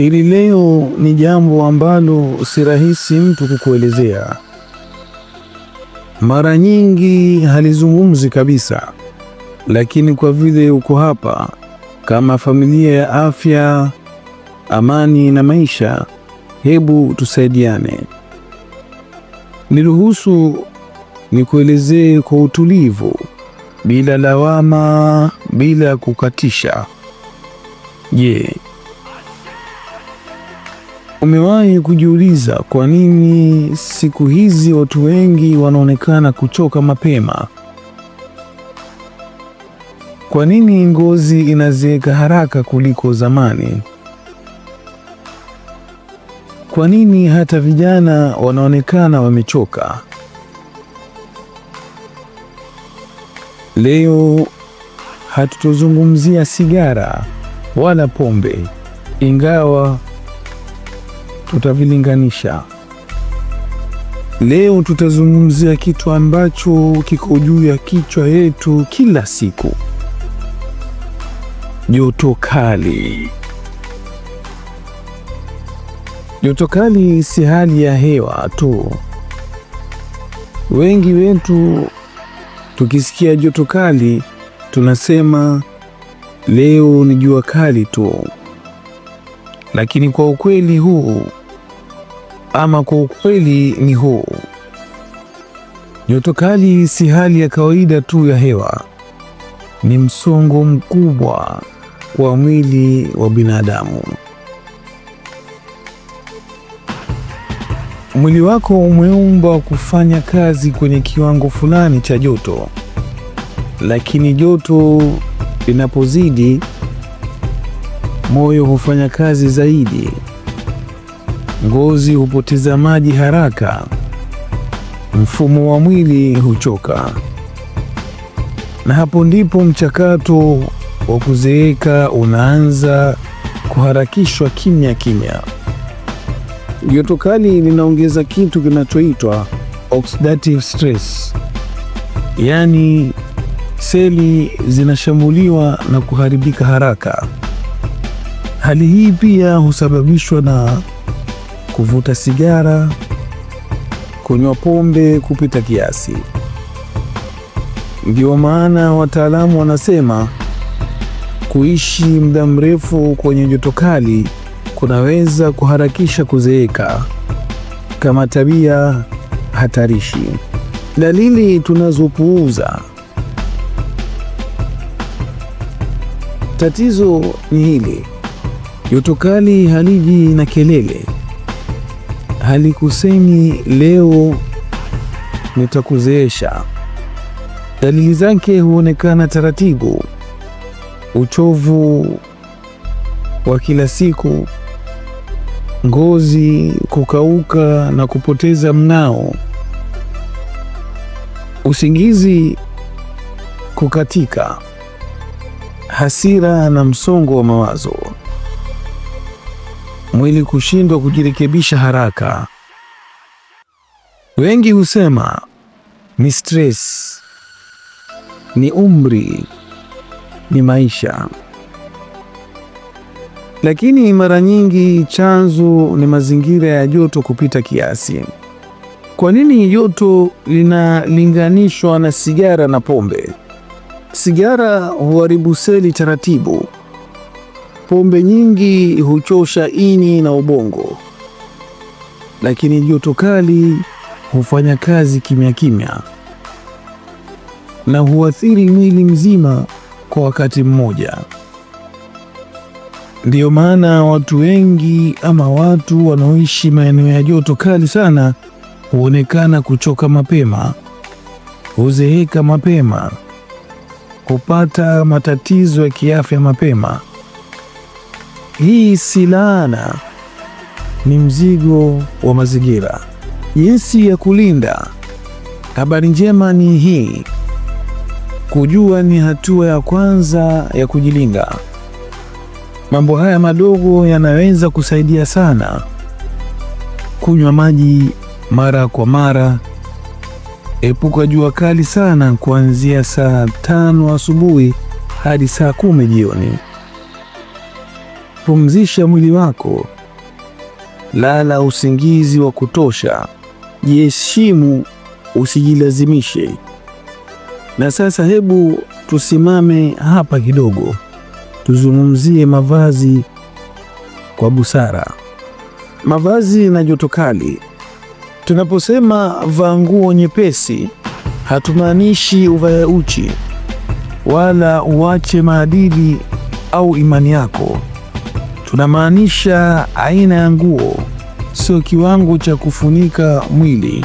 Hili leo ni jambo ambalo si rahisi mtu kukuelezea. Mara nyingi halizungumzi kabisa, lakini kwa vile uko hapa kama familia ya afya, amani na maisha, hebu tusaidiane. Niruhusu nikuelezee kwa utulivu, bila lawama, bila kukatisha. Je, yeah. Umewahi kujiuliza kwa nini siku hizi watu wengi wanaonekana kuchoka mapema? Kwa nini ngozi inazeeka haraka kuliko zamani? Kwa nini hata vijana wanaonekana wamechoka? Leo hatutozungumzia sigara wala pombe, ingawa tutavilinganisha. Leo tutazungumzia kitu ambacho kiko juu ya kichwa yetu kila siku, joto kali. Joto kali si hali ya hewa tu. Wengi wetu tukisikia joto kali tunasema leo ni jua kali tu, lakini kwa ukweli huu ama kwa ukweli ni huu: joto kali si hali ya kawaida tu ya hewa, ni msongo mkubwa kwa mwili wa binadamu. Mwili wako umeumbwa kufanya kazi kwenye kiwango fulani cha joto, lakini joto linapozidi, moyo hufanya kazi zaidi ngozi hupoteza maji haraka, mfumo wa mwili huchoka, na hapo ndipo mchakato wa kuzeeka unaanza kuharakishwa kimya kimya. Joto kali linaongeza kitu kinachoitwa oxidative stress, yaani seli zinashambuliwa na kuharibika haraka. Hali hii pia husababishwa na kuvuta sigara, kunywa pombe kupita kiasi. Ndio maana wataalamu wanasema kuishi muda mrefu kwenye joto kali kunaweza kuharakisha kuzeeka kama tabia hatarishi. Dalili tunazopuuza. Tatizo ni hili, joto kali haliji na kelele halikusemi leo nitakuzeesha. Dalili zake huonekana taratibu: uchovu wa kila siku, ngozi kukauka na kupoteza mng'ao, usingizi kukatika, hasira na msongo wa mawazo mwili kushindwa kujirekebisha haraka. Wengi husema ni stress, ni umri, ni maisha, lakini mara nyingi chanzo ni mazingira ya joto kupita kiasi. Kwa nini joto linalinganishwa na sigara na pombe? Sigara huharibu seli taratibu, Pombe nyingi huchosha ini na ubongo, lakini joto kali hufanya kazi kimya kimya na huathiri mwili mzima kwa wakati mmoja. Ndiyo maana watu wengi ama watu wanaoishi maeneo ya joto kali sana huonekana kuchoka mapema, huzeeka mapema, hupata matatizo ya kiafya mapema. Hii si laana, ni mzigo wa mazingira. Jinsi ya kulinda. Habari njema ni hii, kujua ni hatua ya kwanza ya kujilinda. Mambo haya madogo yanaweza kusaidia sana: kunywa maji mara kwa mara, epuka jua kali sana kuanzia saa tano asubuhi hadi saa kumi jioni pumzisha mwili wako, lala usingizi wa kutosha, jiheshimu, usijilazimishe. Na sasa hebu tusimame hapa kidogo, tuzungumzie mavazi kwa busara. Mavazi na joto kali. Tunaposema vaa nguo nyepesi, hatumaanishi uvae uchi wala uache maadili au imani yako tunamaanisha aina ya nguo, sio kiwango cha kufunika mwili.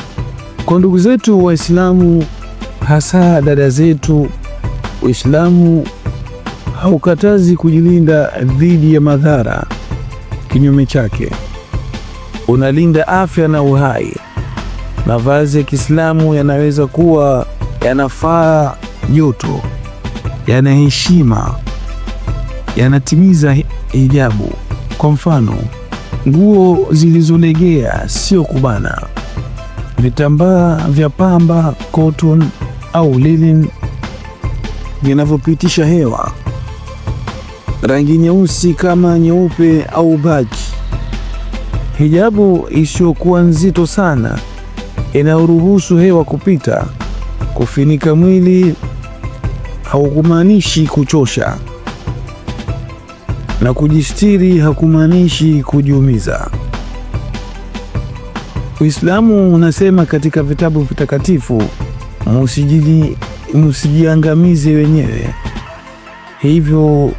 Kwa ndugu zetu Waislamu, hasa dada zetu Uislamu haukatazi kujilinda dhidi ya madhara. Kinyume chake, unalinda afya na uhai. Mavazi ya Kiislamu yanaweza kuwa yanafaa joto, yana heshima yanatimiza hijabu. Kwa mfano, nguo zilizolegea, sio kubana, vitambaa vya pamba, cotton au linen vinavyopitisha hewa, rangi nyeusi kama nyeupe au baki, hijabu isiyokuwa nzito sana inayoruhusu hewa kupita. Kufinika mwili haukumaanishi kuchosha na kujistiri hakumaanishi kujiumiza. Uislamu unasema katika vitabu vitakatifu, musijiangamize wenyewe. Hivyo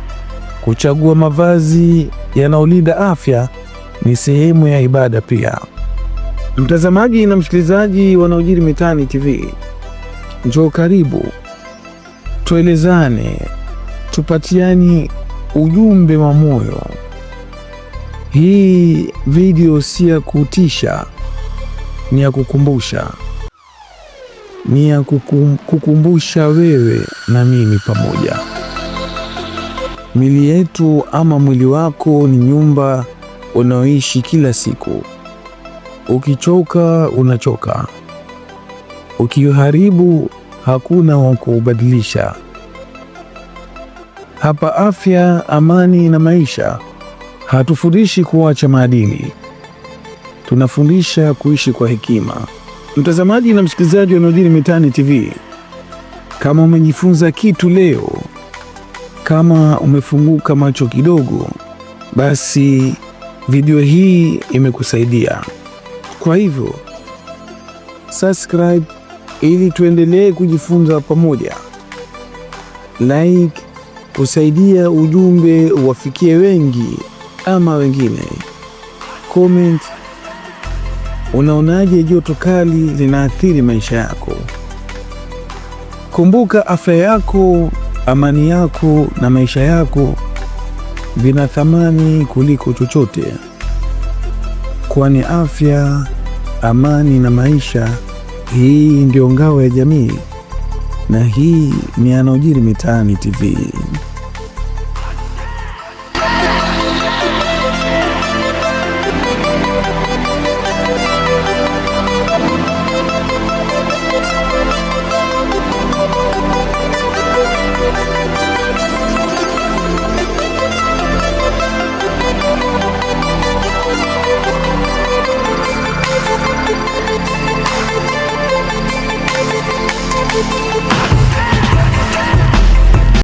kuchagua mavazi yanaolinda afya ni sehemu ya ibada pia. Mtazamaji na msikilizaji yanayojiri mitaani TV, njoo karibu, tuelezane, tupatiani ujumbe wa moyo. Hii video si ya kutisha, ni ya kukumbusha, ni ya kukum, kukumbusha wewe na mimi pamoja. Mili yetu ama mwili wako ni nyumba unaoishi kila siku. Ukichoka unachoka, ukiharibu hakuna wa kubadilisha hapa afya, amani na maisha. Hatufundishi kuacha maadili, tunafundisha kuishi kwa hekima. Mtazamaji na msikilizaji wa yanayojiri mitaani TV, kama umejifunza kitu leo, kama umefunguka macho kidogo, basi video hii imekusaidia. Kwa hivyo subscribe ili tuendelee kujifunza pamoja. Like kusaidia ujumbe uwafikie wengi ama wengine. Comment, unaonaje joto kali linaathiri maisha yako? Kumbuka afya yako, amani yako na maisha yako vina thamani kuliko chochote, kwani afya, amani na maisha, hii ndio ngao ya jamii, na hii ni yanayojiri mitaani TV.